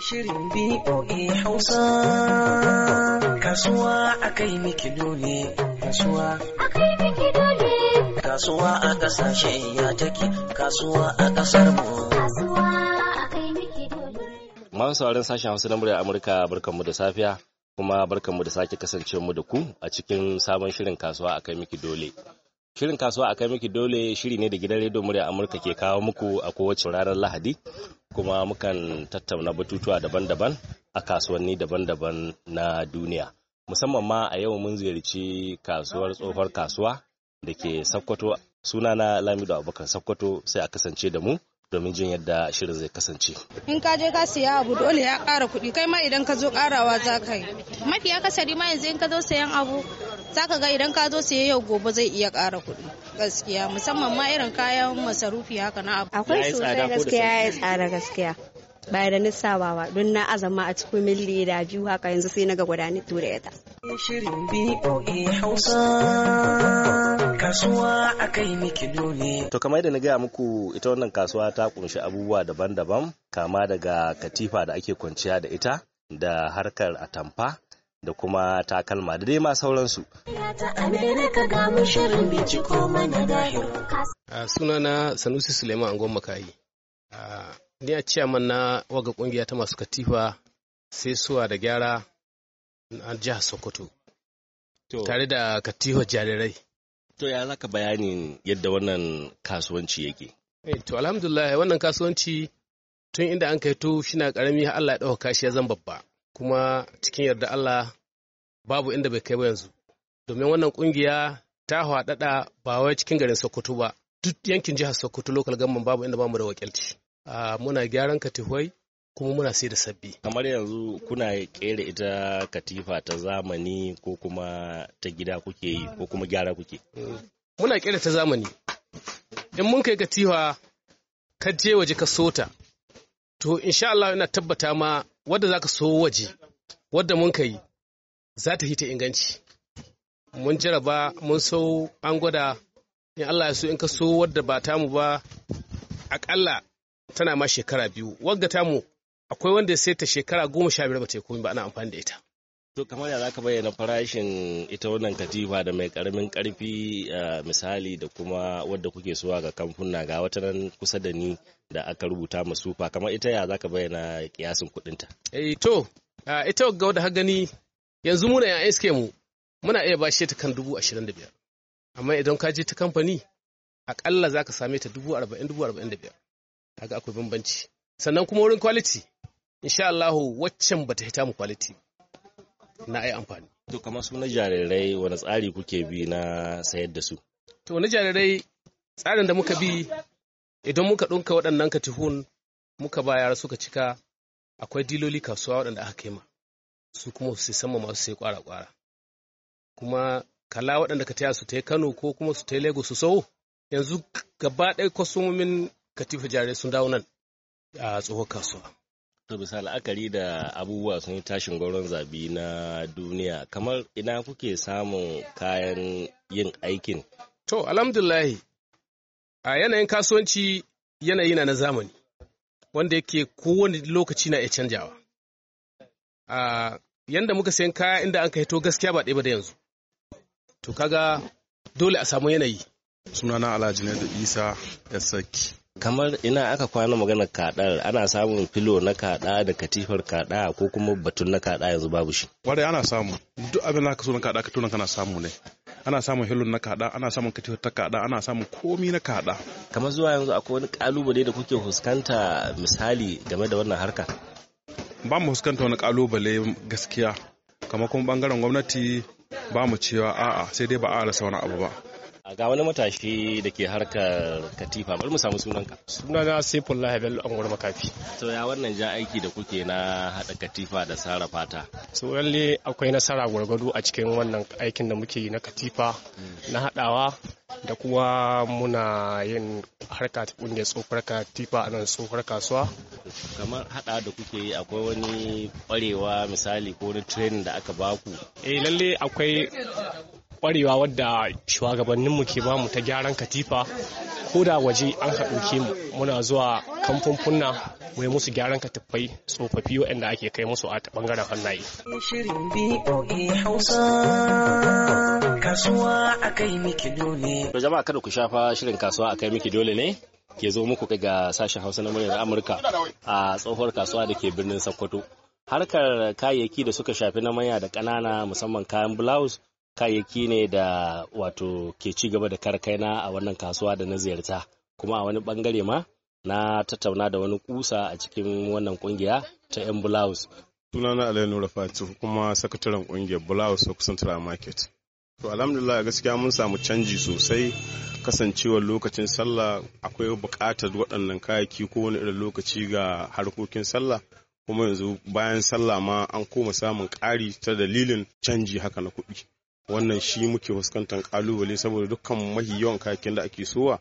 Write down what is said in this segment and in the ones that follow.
shirin BOA Hausa. Kasuwa a kai ya Masu sauran sashen Hausa na murya Amurka barkanmu da safiya kuma barkanmu da sake kasance mu da ku a cikin sabon shirin kasuwa a kai miki dole. Shirin kasuwa a kai miki dole shiri ne da gidan rediyo murya Amurka ke kawo muku a kowace ranar Lahadi kuma mukan tattauna batutuwa daban-daban a kasuwanni daban-daban na duniya. Musamman ma a yau mun ziyarci kasuwar tsohuwar kasuwa da ke Sokoto na Lamido Abubakar Sokoto sai a kasance da mu domin jin yadda shirin zai kasance. In ka je ka siya abu dole ya kara kuɗi kai ma idan ka zo karawa za ka yi. Mafi akasari ma yanzu in ka zo sayan abu zaka ga idan ka zo siye yau gobe zai iya kara kuɗi gaskiya musamman ma irin kayan masarufi haka na abu akwai sosai gaskiya ya tsada gaskiya ba da nisa ba don na azama a cikin milli da biyu haka yanzu sai na ga gudanar tura ya ta. kasuwa a kai To kamar da na gaya muku ita wannan kasuwa ta kunshi abubuwa daban-daban kama daga katifa da ake kwanciya da ita da harkar atamfa da kuma takalma da dai ma sauransu. sunana Sanusi Suleiman Angon Makayi. Ni a ciyaman na waga kungiya ta masu katifa sai suwa da gyara a jihar Sokoto. Tare da katifa jarirai. To ya zaka bayanin yadda wannan kasuwanci yake? Eh, to alhamdulillah wannan kasuwanci tun inda an kai to shi na karami Allah ya ɗauka shi ya zan babba. kuma cikin yarda Allah babu inda bai kai ba yanzu domin wannan kungiya ta haɗaɗa ba wai cikin garin Sokoto ba duk yankin jihar Sokoto lokal government babu inda bamu da wakilci muna gyaran katihwai kuma muna sai da sabbi kamar yanzu kuna kera ita katifa ta zamani ko kuma ta gida kuke yi ko kuma gyara kuke mm. muna kera ta zamani in mun kai katifa ka je waje ka sota to insha Allah ina tabbata ma wadda za ka so waje wadda mun ka yi za ta hita inganci mun jaraba mun so an gwada in Allah ya so in ka so wadda ba tamu ba akalla tana ma shekara biyu ta tamu akwai wanda ya sai ta shekara goma sha biyar ba ta yi komai ba ana amfani da ita To kamar ya ka bayyana farashin ita wannan katifa da mai karamin karfi eh, misali da kuma wadda kuke suwa ga kamfuna ga wata nan kusa da ni da aka rubuta masufa kamar ita ya za ka bayyana kiyasin kudinta. Eh to eh, ita ga wadda gani yanzu muna yan iske mu muna iya bashe ta kan dubu ashirin da biyar amma idan ka je ta kamfani akalla ka same ta dubu arba'in dubu arba'in da biyar kaga akwai bambanci sannan kuma wurin kwaliti insha Allahu waccan bata hita mu kwaliti ba. na ai amfani. To kamar su na jarirai wani tsari kuke bi na sayar da su? To na jarirai tsarin da muka bi idan muka ɗunka waɗannan katihun muka ba yara suka cika akwai diloli kasuwa waɗanda aka kai ma su kuma su sama masu sai kwara-kwara. Kuma kala waɗanda ka taya su ta Kano ko kuma su ta Lagos su sau yanzu gaba ɗaya kwasumomin katifa jarirai sun dawo nan a tsohon kasuwa. To bisa la'akari da abubuwa sun yi tashin gwauron zabi na duniya kamar ina kuke samun kayan yin aikin? To alhamdulahi a yanayin kasuwanci yanayi na na zamani wanda yake kowane lokaci na iya canjawa. A yanda muka sayan kaya inda an to gaskiya ba ɗaya ba da yanzu. To kaga dole a samu yanayi. Sunana Alhaji da Isa Yasaki. kamar ina aka kwana magana kaɗar ana samun filo na kaɗa da katifar kaɗa ko kuma batun na kaɗa yanzu babu shi kwarai ana samu duk abin da ka so na kaɗa ka tunan kana samu ne ana samun hilun na kaɗa ana samun katifar ta kaɗa ana samun komi na kaɗa kamar zuwa yanzu akwai wani kalubale da kuke fuskanta misali game da wannan harka ba mu fuskanta wani kalubale gaskiya kamar kuma bangaren gwamnati ba mu cewa a'a sai dai ba a rasa wani abu ba Ga wani matashi da ke harkar katifa, bari mu samu sunanka. Sunana Saiful Lahi Angwar Makafi. To ya wannan ja aiki da kuke na hada katifa da sara fata? So lalle akwai nasara gwargwado a cikin wannan aikin da muke yi na katifa hmm. na hadawa da kuma muna yin harka ta kungiyar tsofar katifa a nan tsofar kasuwa kamar hada da kuke yi akwai wani kwarewa misali ko wani training da aka baku eh lalle akwai kwarewa wadda shugabanninmu ke bamu ta gyaran katifa ko da waje an haɗu mu muna zuwa kamfunfunna mu musu gyaran katifai tsofaffi waɗanda ake kai musu a bangaren hannaye. Shirin B-O-A Hausa miki dole. To jama'a kada ku shafa shirin kasuwa a kai miki dole ne ke zo muku kai ga sashen Hausa na muryar Amurka a tsohuwar kasuwa da ke birnin Sokoto. Harkar kayayyaki da suka shafi na manya da ƙanana musamman kayan blouse kayayyaki ne da wato ke ci gaba da karkaina a wannan kasuwa da na ziyarta kuma a wani bangare ma na tattauna da wani kusa a cikin wannan kungiya ta yan blouse sunana alayi nura fati kuma sakataren kungiyar blouse of market to alhamdulillah gaskiya mun samu canji sosai kasancewar lokacin sallah akwai buƙatar waɗannan kayayyaki kowane irin lokaci ga harkokin sallah kuma yanzu bayan sallah ma an koma samun ƙari ta dalilin canji haka na kuɗi wannan shi muke fuskantar kalubale saboda dukkan mahi yawan kayakin da ake sowa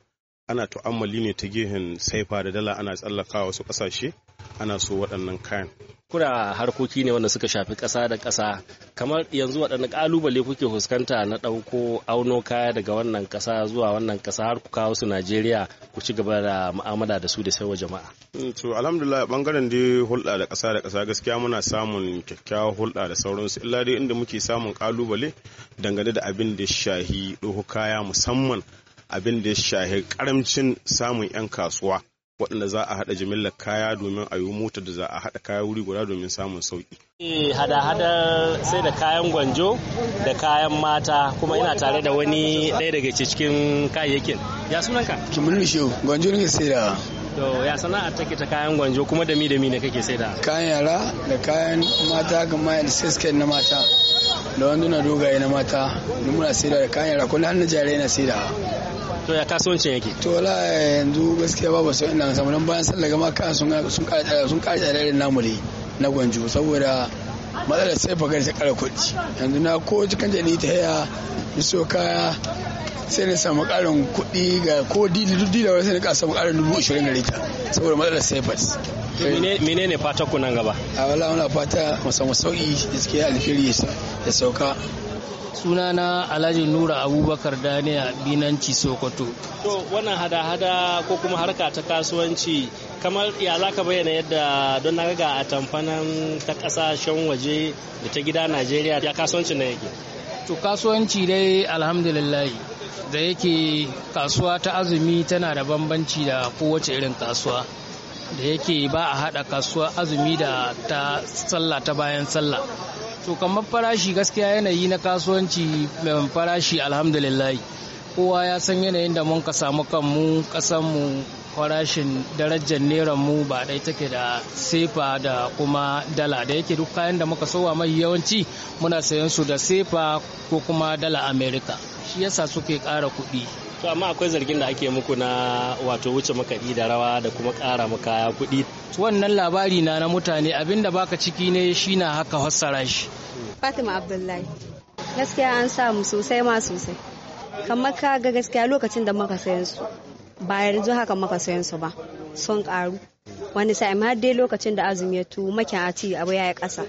ana tu'ammali ne ta gehen saifa da dala ana tsallaka wasu kasashe ana so waɗannan kayan kura harkoki ne wanda suka shafi ƙasa da ƙasa kamar yanzu waɗanne ƙalubale kuke fuskanta na ɗauko auno kaya daga wannan ƙasa zuwa wannan ƙasa har ku kawo su najeriya ku ci gaba da mu'amala da su da sai wa jama'a mm, to alhamdulillah bangaren dai hulɗa da ƙasa da ƙasa gaskiya muna samun kyakkyawar hulɗa da sauransu illa dai inda muke samun ƙalubale dangane da abin da shahi ɗauko kaya musamman abin da ya shahi karamcin samun 'yan kasuwa waɗanda za a haɗa jimillar kaya domin a yi mota da za a haɗa kaya wuri guda domin samun sauƙi. Eh, hada-hadar sai da kayan gwanjo da kayan mata kuma ina tare da wani ɗaya daga cikin kayayyakin ya sunanka kimillu shehu gwanjo ne sai da To ya sana'ar take ta kayan gwanjo kuma da mi da mi ne kake sai da? Kayan yara da kayan mata ga mayar sisken na mata da wanduna dogaye na mata duk muna sai da kayan yara kuma har na jare na sai da. to ya kasuwancin yake to wala yanzu gaskiya babu sai inda samu nan bayan sallah gama ka sun sun ƙara sun ƙara tsare namu ne na gwanju saboda matsalar sai fagar ta ƙara kuɗi yanzu na ko cikin jani ta haya ni so kaya sai na samu karin kuɗi ga ko dili duk dila sai na samu karin dubu ashirin da rita saboda matsalar sefas ne fata ku nan gaba a wala muna fata mu samu sauki da suke alheri ya sauka sunana alhaji nura abubakar daniya binanci sokoto to wannan hada-hada ko kuma harka ta kasuwanci kamar ya za ka bayyana yadda don na ga a tamfanan ta kasashen waje da ta gida najeriya ya kasuwanci na yake to kasuwanci dai alhamdulillah da yake kasuwa ta azumi tana da bambanci da kowace irin kasuwa da yake ba a haɗa kasuwar azumi da ta sallah ta bayan sallah to kamar farashi gaskiya yanayi na kasuwanci mai eh, farashi alhamdulillahi kowa ya san yanayin da mun ka samu kanmu mu farashin darajar neran mu ba dai take da sefa da kuma dala da yake duk kayan da muka sowa mai yawanci muna sayan su da sefa ko kuma dala america shi yasa suke ƙara kuɗi to amma akwai zargin da ake muku na wato wuce makaɗi da rawa da kuma ƙara maka kaya kuɗi wannan labari na na mutane abinda baka ciki ne shi na haka hasara shi fatima abdullahi gaskiya an samu sosai ma sosai kamar ka ga gaskiya lokacin da muka sayan su ba yanzu haka muka sayan su ba sun ƙaru wani sa'im har dai lokacin da azumi ya tu makin a ci abu ya yi ƙasa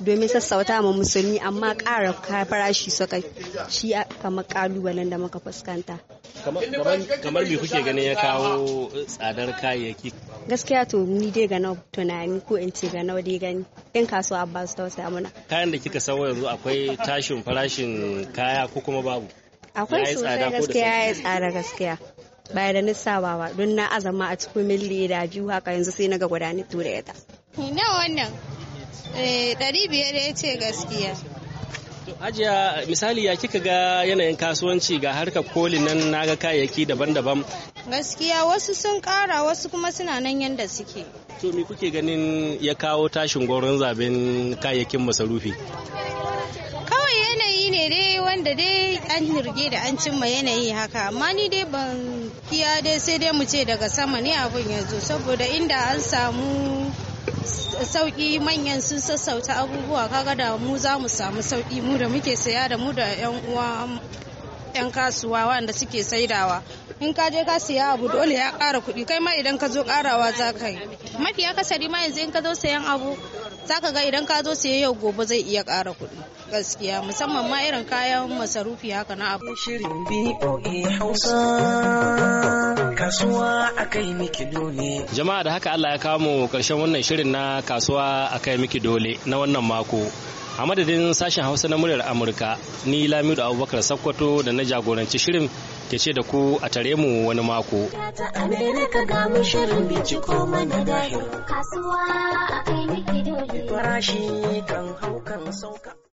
domin sassauta ma musulmi amma ƙara farashi su kai shi kamar ƙalubalen da muka fuskanta kamar me kuke ganin ya kawo tsadar kayayyaki gaskiya to ni dai ga tunani ko in ce ga dai gani in kasuwa ba su tausaya mana kayan da kika sawo yanzu akwai tashin farashin kaya ko kuma babu akwai sosai gaskiya ya tsada gaskiya baya da nisa ba don na azama a cikin milli da biyu haka yanzu sai na ga gudanar tura ya ta nawa wannan dari eh, biyar ya ce gaskiya Ajiya misali ya kika ga yanayin kasuwanci ga harkar kolin nan ga kayayyaki daban-daban. Gaskiya wasu sun ƙara wasu kuma suna nan yanda suke. To me kuke ganin ya kawo tashin gwaron zaben kayayyakin masarufi? Kawai yanayi ne dai wanda dai an nirge da an cimma yanayi haka amma ni dai ban kiya dai sai dai mu ce daga sama ne abun yanzu saboda inda an samu sauki manyan sun sassauta abubuwa kaga da mu za mu samu sauki mu da muke saya da mu da 'yan uwa 'yan kasuwa wanda suke saidawa in ka je ka siya abu dole ya ƙara kuɗi kai ma idan ka zo ƙarawa za ka yi mafi akasari ma yanzu in ka zo sayan abu za ka ga idan ka zo siya yau gobe zai iya kara kuɗi gaskiya musamman ma irin kayan masarufi haka na abu shirin hausa kasuwa kai miki dole. Jama'a da haka Allah ya kamo karshen wannan shirin na kasuwa kai miki dole na wannan mako. A madadin sashen Hausa na muryar Amurka, ni Lamidu Abubakar Sakkwato da na jagoranci shirin ke ce da ku a tare mu wani mako. kan hau sauka.